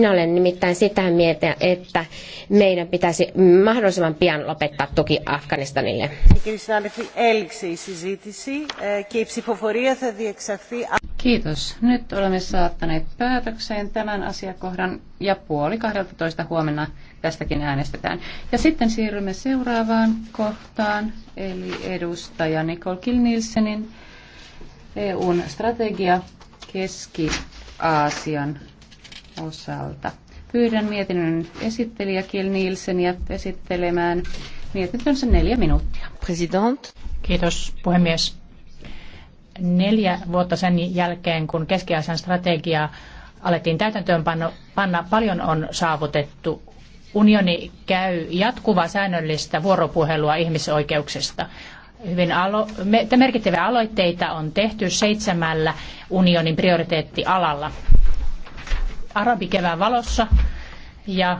Minä olen nimittäin sitä mieltä, että meidän pitäisi mahdollisimman pian lopettaa tuki Afganistanille. Kiitos. Nyt olemme saattaneet päätökseen tämän asiakohdan ja puoli 12 huomenna tästäkin äänestetään. Ja sitten siirrymme seuraavaan kohtaan, eli edustaja Nicole Kilnilsenin EUn strategia Keski-Aasian osalta. Pyydän mietinnön esittelijä Kiel Nielseniä esittelemään mietintönsä neljä minuuttia. President. Kiitos puhemies. Neljä vuotta sen jälkeen, kun keski strategia alettiin täytäntöön panna, paljon on saavutettu. Unioni käy jatkuvaa säännöllistä vuoropuhelua ihmisoikeuksista. Hyvin alo- merkittäviä aloitteita on tehty seitsemällä unionin prioriteettialalla arabikevään valossa ja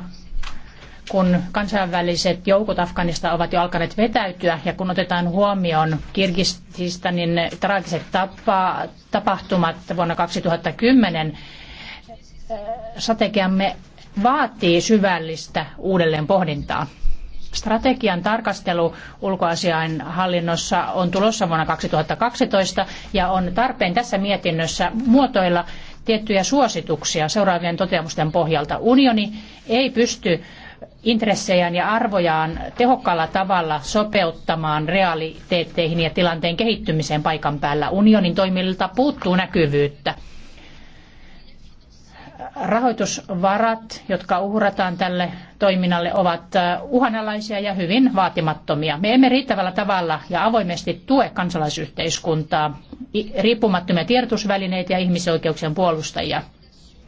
kun kansainväliset joukot Afganista ovat jo alkaneet vetäytyä ja kun otetaan huomioon Kirgistanin traagiset tapa, tapahtumat vuonna 2010, eh, strategiamme vaatii syvällistä uudelleenpohdintaa. Strategian tarkastelu ulkoasiain hallinnossa on tulossa vuonna 2012 ja on tarpeen tässä mietinnössä muotoilla tiettyjä suosituksia seuraavien toteamusten pohjalta. Unioni ei pysty intressejään ja arvojaan tehokkaalla tavalla sopeuttamaan realiteetteihin ja tilanteen kehittymiseen paikan päällä. Unionin toimilta puuttuu näkyvyyttä. Rahoitusvarat, jotka uhrataan tälle toiminnalle ovat äh, uhanalaisia ja hyvin vaatimattomia. Me emme riittävällä tavalla ja avoimesti tue kansalaisyhteiskuntaa, riippumattomia tiedotusvälineitä ja ihmisoikeuksien puolustajia.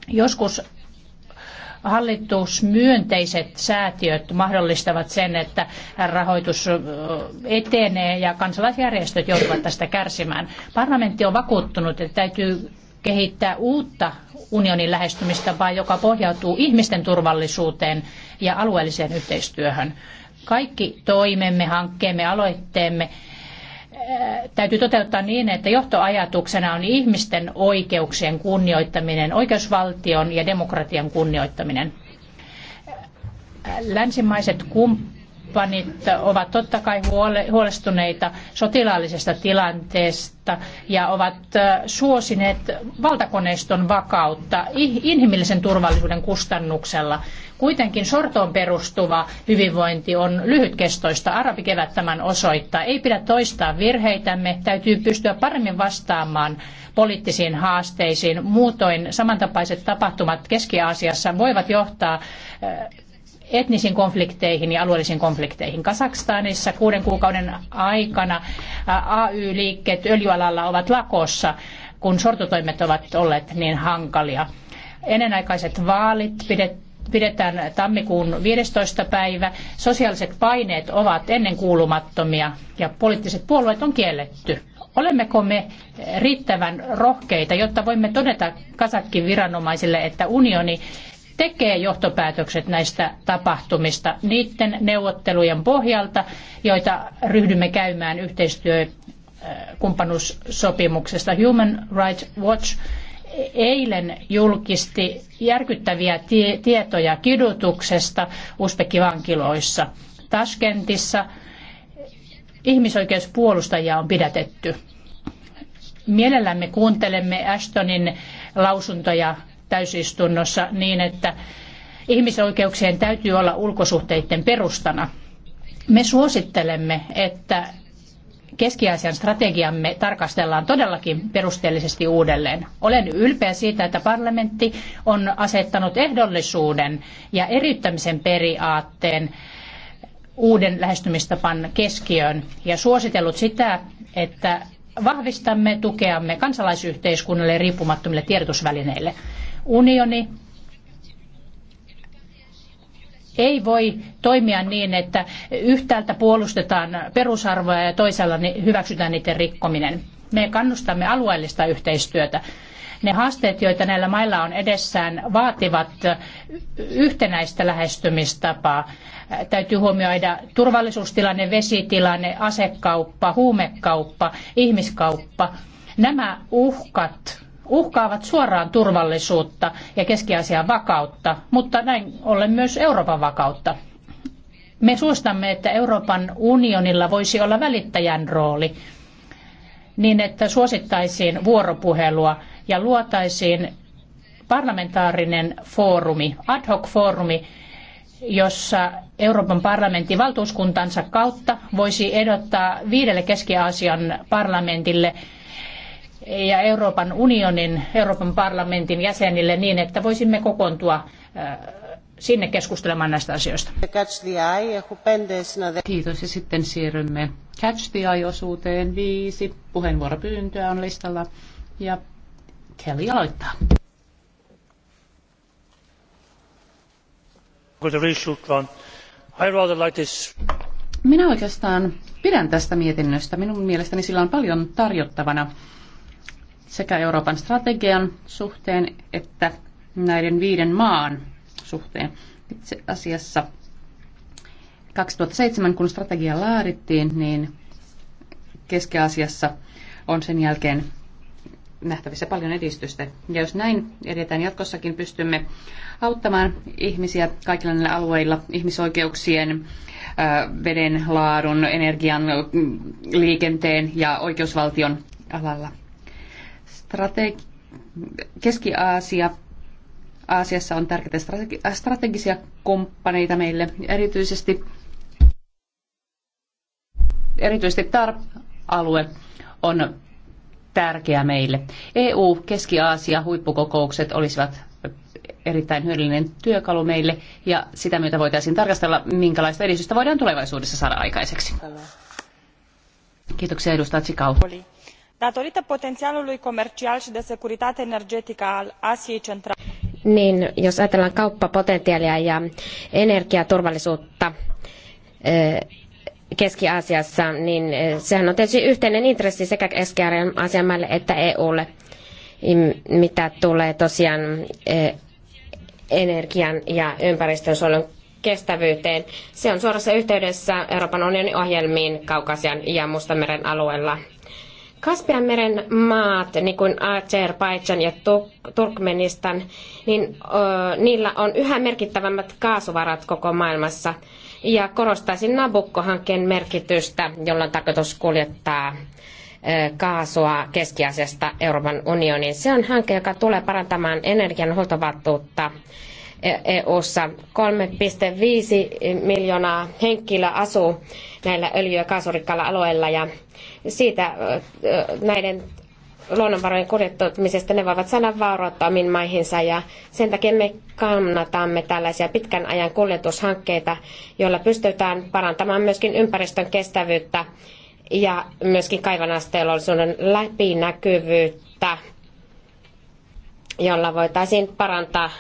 Joskus hallitusmyönteiset säätiöt mahdollistavat sen, että rahoitus etenee ja kansalaisjärjestöt joutuvat tästä kärsimään. Parlamentti on vakuuttunut, että täytyy kehittää uutta unionin lähestymistapaa, joka pohjautuu ihmisten turvallisuuteen ja alueelliseen yhteistyöhön. Kaikki toimemme, hankkeemme, aloitteemme täytyy toteuttaa niin, että johtoajatuksena on ihmisten oikeuksien kunnioittaminen, oikeusvaltion ja demokratian kunnioittaminen. Länsimaiset kumppanit kumppanit ovat totta kai huolestuneita sotilaallisesta tilanteesta ja ovat äh, suosineet valtakoneiston vakautta inhimillisen turvallisuuden kustannuksella. Kuitenkin sortoon perustuva hyvinvointi on lyhytkestoista. Arabikevät tämän osoittaa. Ei pidä toistaa virheitämme. Täytyy pystyä paremmin vastaamaan poliittisiin haasteisiin. Muutoin samantapaiset tapahtumat Keski-Aasiassa voivat johtaa äh, etnisiin konflikteihin ja alueellisiin konflikteihin. Kazakstanissa kuuden kuukauden aikana AY-liikkeet öljyalalla ovat lakossa, kun sortotoimet ovat olleet niin hankalia. Ennenaikaiset vaalit pidetään tammikuun 15. päivä. Sosiaaliset paineet ovat ennenkuulumattomia ja poliittiset puolueet on kielletty olemmeko me riittävän rohkeita, jotta voimme todeta Kasakkin viranomaisille, että unioni tekee johtopäätökset näistä tapahtumista niiden neuvottelujen pohjalta, joita ryhdymme käymään yhteistyökumppanuussopimuksesta. Äh, Human Rights Watch eilen julkisti järkyttäviä tie tietoja kidutuksesta Uzbekivankiloissa. Taskentissa ihmisoikeuspuolustajia on pidätetty. Mielellämme kuuntelemme Ashtonin lausuntoja täysistunnossa niin, että ihmisoikeuksien täytyy olla ulkosuhteiden perustana. Me suosittelemme, että Keski-Aasian strategiamme tarkastellaan todellakin perusteellisesti uudelleen. Olen ylpeä siitä, että parlamentti on asettanut ehdollisuuden ja eriyttämisen periaatteen uuden lähestymistapan keskiöön ja suositellut sitä, että vahvistamme tukeamme kansalaisyhteiskunnalle ja riippumattomille tiedotusvälineille unioni ei voi toimia niin, että yhtäältä puolustetaan perusarvoja ja toisaalla hyväksytään niiden rikkominen. Me kannustamme alueellista yhteistyötä. Ne haasteet, joita näillä mailla on edessään, vaativat yhtenäistä lähestymistapaa. Täytyy huomioida turvallisuustilanne, vesitilanne, asekauppa, huumekauppa, ihmiskauppa. Nämä uhkat uhkaavat suoraan turvallisuutta ja keski-Aasian vakautta, mutta näin ollen myös Euroopan vakautta. Me suostamme, että Euroopan unionilla voisi olla välittäjän rooli niin, että suosittaisiin vuoropuhelua ja luotaisiin parlamentaarinen foorumi, ad hoc foorumi, jossa Euroopan parlamentin valtuuskuntansa kautta voisi ehdottaa viidelle Keski-Aasian parlamentille ja Euroopan unionin, Euroopan parlamentin jäsenille niin, että voisimme kokoontua äh, sinne keskustelemaan näistä asioista. Kiitos ja sitten siirrymme Catch the Eye-osuuteen. Viisi puheenvuoropyyntöä on listalla ja Kelly aloittaa. Minä oikeastaan pidän tästä mietinnöstä. Minun mielestäni sillä on paljon tarjottavana sekä Euroopan strategian suhteen että näiden viiden maan suhteen. Itse asiassa 2007, kun strategia laadittiin, niin Keski-Aasiassa on sen jälkeen nähtävissä paljon edistystä. Ja jos näin edetään jatkossakin, pystymme auttamaan ihmisiä kaikilla näillä alueilla ihmisoikeuksien, veden laadun, energian, mm, liikenteen ja oikeusvaltion alalla. Strategi- Keski-Aasia Aasiassa on tärkeitä strategi- äh, strategisia komppaneita meille, erityisesti, erityisesti TARP-alue on tärkeä meille. EU-Keski-Aasia huippukokoukset olisivat erittäin hyödyllinen työkalu meille ja sitä myötä voitaisiin tarkastella, minkälaista edistystä voidaan tulevaisuudessa saada aikaiseksi. Kiitoksia edustaja Tsikau datorită potentialului comercial și de securitate energetică al Asiei Centrale. Niin, jos ajatellaan kauppapotentiaalia ja energiaturvallisuutta eh, Keski-Aasiassa, niin eh, sehän on tietysti yhteinen intressi sekä Keski-Aasian maille että EUlle, mitä tulee tosiaan eh, energian ja ympäristönsuojelun kestävyyteen. Se on suorassa yhteydessä Euroopan unionin ohjelmiin Kaukasian ja Mustameren alueella. Kaspianmeren maat, niin kuin Azerbaijan ja Turkmenistan, niin ö, niillä on yhä merkittävämmät kaasuvarat koko maailmassa. Ja korostaisin Nabukko-hankkeen merkitystä, jolla on tarkoitus kuljettaa kaasua keski Euroopan unioniin. Se on hanke, joka tulee parantamaan energian huoltovartuutta EU-ssa. 3,5 miljoonaa henkilöä asuu näillä öljy- ja kaasurikkailla alueilla ja siitä näiden luonnonvarojen kuljettamisesta, ne voivat saada vaurautta omiin maihinsa ja sen takia me kannatamme tällaisia pitkän ajan kuljetushankkeita, joilla pystytään parantamaan myöskin ympäristön kestävyyttä ja myöskin kaivannaisteollisuuden läpinäkyvyyttä, jolla voitaisiin parantaa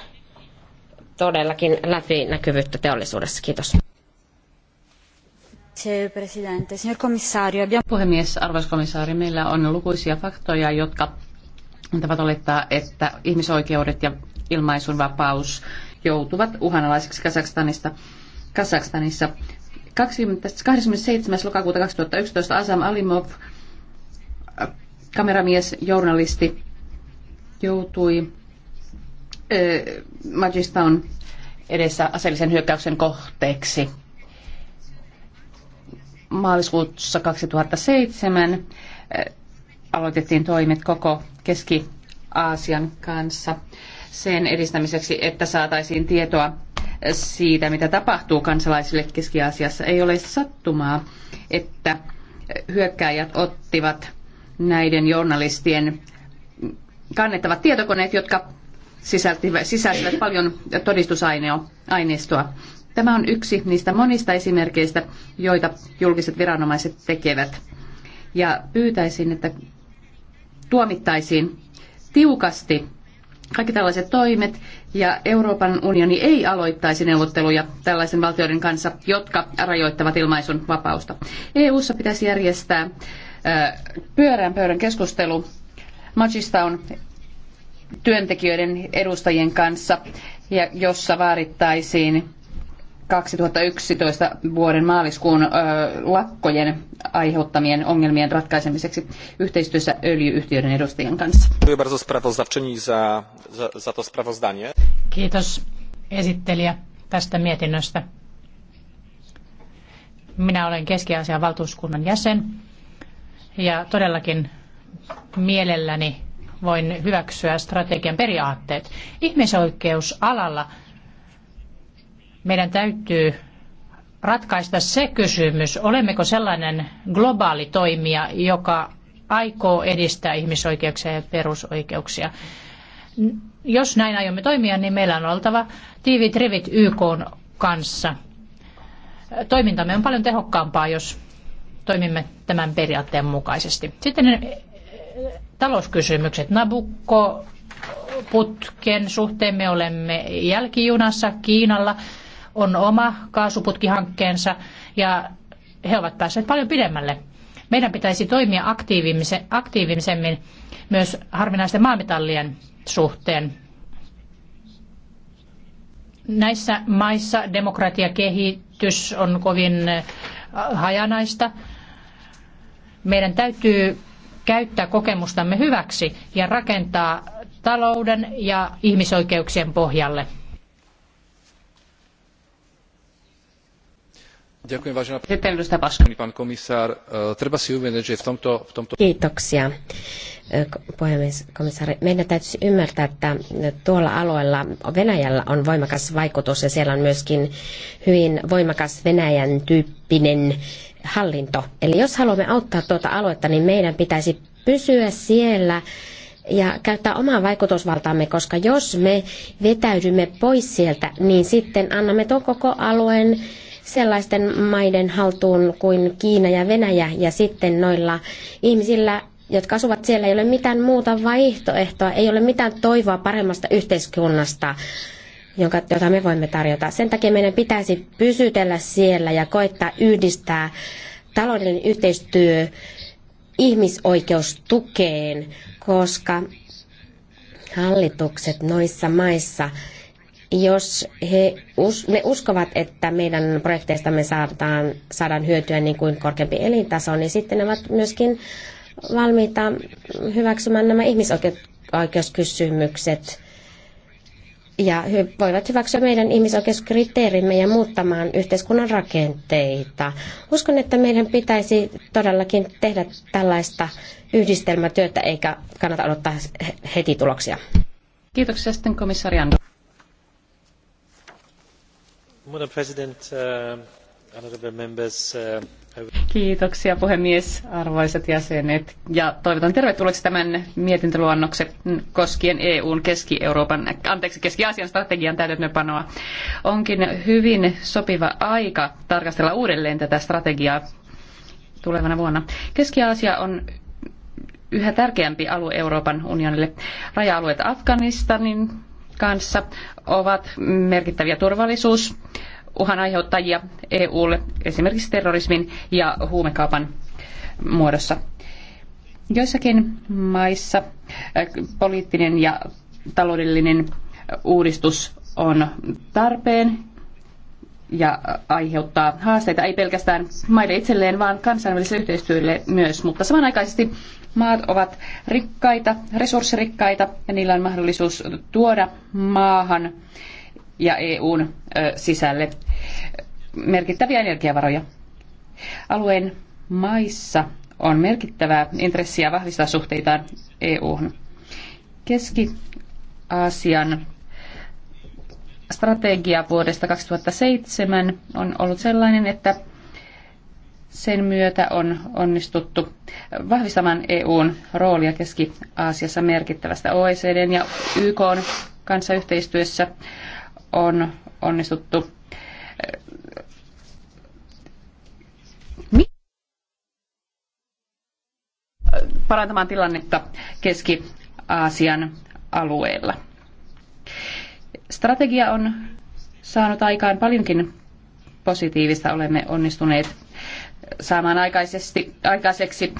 todellakin läpinäkyvyyttä teollisuudessa. Kiitos. Puhemies, arvoisa komissaari, meillä on lukuisia faktoja, jotka antavat olettaa, että ihmisoikeudet ja ilmaisunvapaus joutuvat uhanalaiseksi Kazakstanista. Kazakstanissa 27. lokakuuta 2011 Asam Alimov, kameramies, journalisti, joutui Majistown edessä aseellisen hyökkäyksen kohteeksi maaliskuussa 2007 eh, aloitettiin toimet koko Keski-Aasian kanssa sen edistämiseksi, että saataisiin tietoa siitä, mitä tapahtuu kansalaisille Keski-Aasiassa. Ei ole sattumaa, että hyökkääjät ottivat näiden journalistien kannettavat tietokoneet, jotka sisältivät, sisältivät paljon todistusaineistoa. Tämä on yksi niistä monista esimerkkeistä, joita julkiset viranomaiset tekevät. Ja pyytäisin, että tuomittaisiin tiukasti kaikki tällaiset toimet ja Euroopan unioni ei aloittaisi neuvotteluja tällaisen valtioiden kanssa, jotka rajoittavat ilmaisun vapausta. EU:ssa pitäisi järjestää pyörään pöydän keskustelu Magistown työntekijöiden edustajien kanssa, ja jossa vaadittaisiin 2011 vuoden maaliskuun lakkojen aiheuttamien ongelmien ratkaisemiseksi yhteistyössä öljyyhtiöiden edustajien kanssa. Kiitos esittelijä tästä mietinnöstä. Minä olen Keski-Aasian valtuuskunnan jäsen ja todellakin mielelläni voin hyväksyä strategian periaatteet. Ihmisoikeusalalla meidän täytyy ratkaista se kysymys, olemmeko sellainen globaali toimija, joka aikoo edistää ihmisoikeuksia ja perusoikeuksia. Jos näin aiomme toimia, niin meillä on oltava tiivit rivit YK kanssa. Toimintamme on paljon tehokkaampaa, jos toimimme tämän periaatteen mukaisesti. Sitten eh, talouskysymykset. Nabukko putken suhteen me olemme jälkijunassa Kiinalla on oma kaasuputkihankkeensa ja he ovat päässeet paljon pidemmälle. Meidän pitäisi toimia aktiivisemmin myös harvinaisten maametallien suhteen. Näissä maissa demokratiakehitys on kovin äh, hajanaista. Meidän täytyy käyttää kokemustamme hyväksi ja rakentaa talouden ja ihmisoikeuksien pohjalle. E, treba si uvedomiť, že v tomto... V tomto... Kiitoksia, e, puhemies, komissaari. Meidän täytyisi ymmärtää, että tuolla alueella Venäjällä on voimakas vaikutus ja siellä on myöskin hyvin voimakas Venäjän tyyppinen hallinto. Eli jos haluamme auttaa tuota aluetta, niin meidän pitäisi pysyä siellä ja käyttää omaa vaikutusvaltaamme, koska jos me vetäydymme pois sieltä, niin sitten annamme tuon koko alueen sellaisten maiden haltuun kuin Kiina ja Venäjä ja sitten noilla ihmisillä jotka asuvat siellä, ei ole mitään muuta vaihtoehtoa, ei ole mitään toivoa paremmasta yhteiskunnasta, jonka, jota me voimme tarjota. Sen takia meidän pitäisi pysytellä siellä ja koettaa yhdistää taloudellinen yhteistyö ihmisoikeustukeen, koska hallitukset noissa maissa jos he, ne uskovat, että meidän projekteistamme saadaan, saadaan hyötyä niin kuin korkeampi elintaso, niin sitten ne ovat myöskin valmiita hyväksymään nämä ihmisoikeuskysymykset ja he voivat hyväksyä meidän ihmisoikeuskriteerimme ja muuttamaan yhteiskunnan rakenteita. Uskon, että meidän pitäisi todellakin tehdä tällaista yhdistelmätyötä eikä kannata odottaa heti tuloksia. Kiitoksia sitten komissari Ando. Uh, uh, Kiitoksia puhemies, arvoisat jäsenet. Ja toivotan tervetulleeksi tämän mietintöluonnoksen koskien EUn Keski-Euroopan, anteeksi, Keski-Aasian strategian täytäntöönpanoa. Onkin hyvin sopiva aika tarkastella uudelleen tätä strategiaa tulevana vuonna. Keski-Aasia on yhä tärkeämpi alue Euroopan unionille. Raja-alueet Afganistanin kanssa ovat merkittäviä turvallisuus uhan aiheuttajia EUlle esimerkiksi terrorismin ja huumekaupan muodossa. Joissakin maissa äh, poliittinen ja taloudellinen uudistus on tarpeen ja aiheuttaa haasteita ei pelkästään maille itselleen, vaan kansainväliselle yhteistyölle myös. Mutta samanaikaisesti maat ovat rikkaita, resurssirikkaita ja niillä on mahdollisuus tuoda maahan ja EUn sisälle merkittäviä energiavaroja. Alueen maissa on merkittävää intressiä vahvistaa suhteitaan EUhun. Keski-Aasian strategia vuodesta 2007 on ollut sellainen, että sen myötä on onnistuttu vahvistamaan EUn roolia Keski-Aasiassa merkittävästä OECDn ja YKn kanssa yhteistyössä on onnistuttu parantamaan tilannetta Keski-Aasian alueella. Strategia on saanut aikaan paljonkin positiivista. Olemme onnistuneet saamaan aikaisesti, aikaiseksi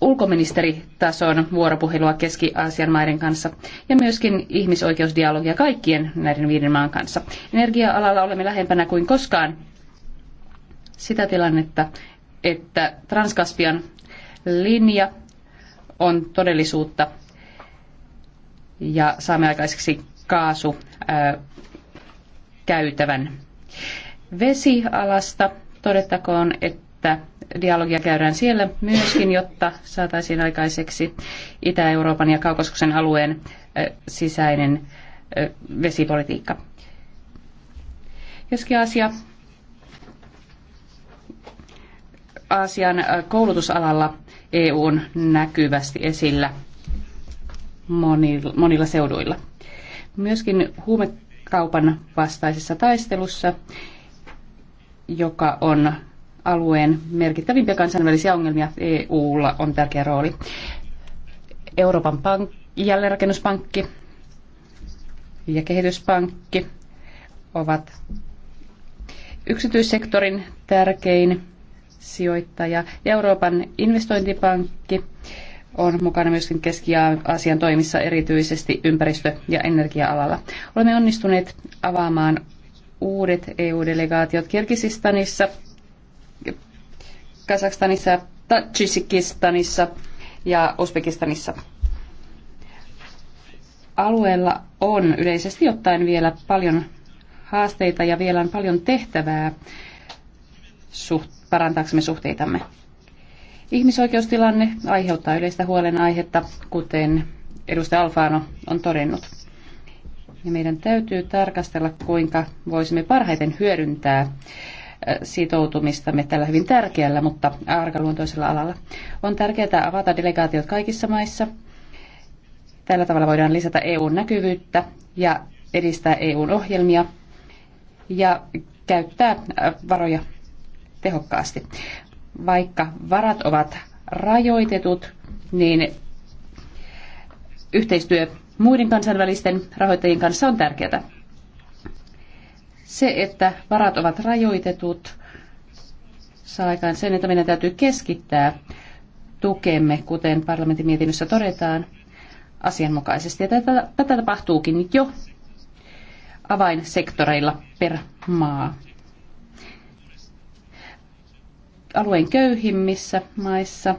ulkoministeritason vuoropuhelua Keski-Aasian maiden kanssa ja myöskin ihmisoikeusdialogia kaikkien näiden viiden maan kanssa. Energia-alalla olemme lähempänä kuin koskaan sitä tilannetta, että Transkaspian linja on todellisuutta ja saamme aikaiseksi kaasukäytävän. Vesialasta todettakoon, että dialogia käydään siellä myöskin, jotta saataisiin aikaiseksi Itä-Euroopan ja Kaukosuksen alueen sisäinen vesipolitiikka. keski asia Aasian koulutusalalla EU on näkyvästi esillä monilla, monilla seuduilla. Myöskin huumekaupan vastaisessa taistelussa, joka on alueen merkittävimpiä kansainvälisiä ongelmia, EUlla on tärkeä rooli. Euroopan pank- jälleenrakennuspankki ja kehityspankki ovat yksityissektorin tärkein sijoittaja. Euroopan investointipankki on mukana myöskin Keski-Aasian toimissa erityisesti ympäristö- ja energia-alalla. Olemme onnistuneet avaamaan uudet EU-delegaatiot Kirgisistanissa, Kazakstanissa, Tajikistanissa ja Uzbekistanissa. Alueella on yleisesti ottaen vielä paljon haasteita ja vielä on paljon tehtävää suht, parantaaksemme suhteitamme. Ihmisoikeustilanne aiheuttaa yleistä huolenaihetta, kuten edustaja Alfaano on todennut. Ja meidän täytyy tarkastella, kuinka voisimme parhaiten hyödyntää äh, sitoutumistamme tällä hyvin tärkeällä, mutta arkaluontoisella alalla. On tärkeää avata delegaatiot kaikissa maissa. Tällä tavalla voidaan lisätä EUn näkyvyyttä ja edistää EUn ohjelmia ja käyttää äh, varoja tehokkaasti vaikka varat ovat rajoitetut, niin yhteistyö muiden kansainvälisten rahoittajien kanssa on tärkeää. Se, että varat ovat rajoitetut, saa aikaan sen, että meidän täytyy keskittää tukemme, kuten parlamentin mietinnössä todetaan, asianmukaisesti. Ja tätä, tätä tapahtuukin jo avainsektoreilla per maa alueen köyhimmissä maissa,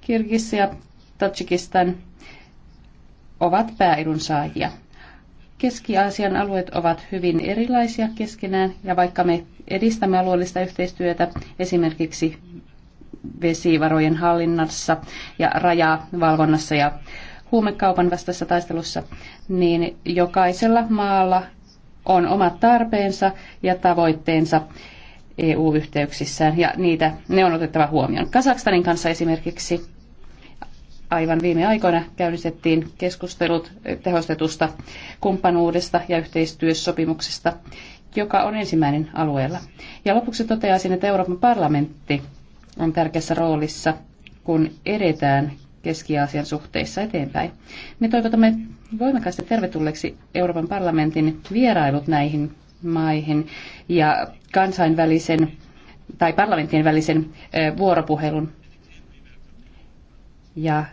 Kirgis ja Tajikistan, ovat pääedunsaajia. Keski-Aasian alueet ovat hyvin erilaisia keskenään, ja vaikka me edistämme alueellista yhteistyötä esimerkiksi vesivarojen hallinnassa ja rajavalvonnassa ja huumekaupan vastassa taistelussa, niin jokaisella maalla on omat tarpeensa ja tavoitteensa EU-yhteyksissään ja niitä, ne on otettava huomioon. Kasakstanin kanssa esimerkiksi aivan viime aikoina käynnistettiin keskustelut tehostetusta kumppanuudesta ja yhteistyössopimuksesta, joka on ensimmäinen alueella. Ja lopuksi toteaisin, että Euroopan parlamentti on tärkeässä roolissa, kun edetään Keski-Aasian suhteissa eteenpäin. Me toivotamme voimakkaasti tervetulleeksi Euroopan parlamentin vierailut näihin maihin ja kansainvälisen tai parlamenttien välisen vuoropuhelun. Ja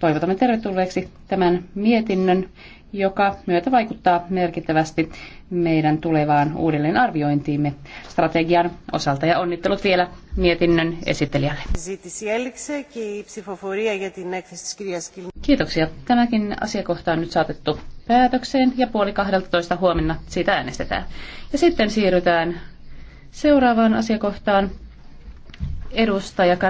toivotamme tervetulleeksi tämän mietinnön joka myötä vaikuttaa merkittävästi meidän tulevaan uudelleenarviointiimme strategian osalta. Ja onnittelut vielä mietinnön esittelijälle. Kiitoksia. Tämäkin asiakohta on nyt saatettu päätökseen ja puoli 12 huomenna siitä äänestetään. Ja sitten siirrytään seuraavaan asiakohtaan. Edustaja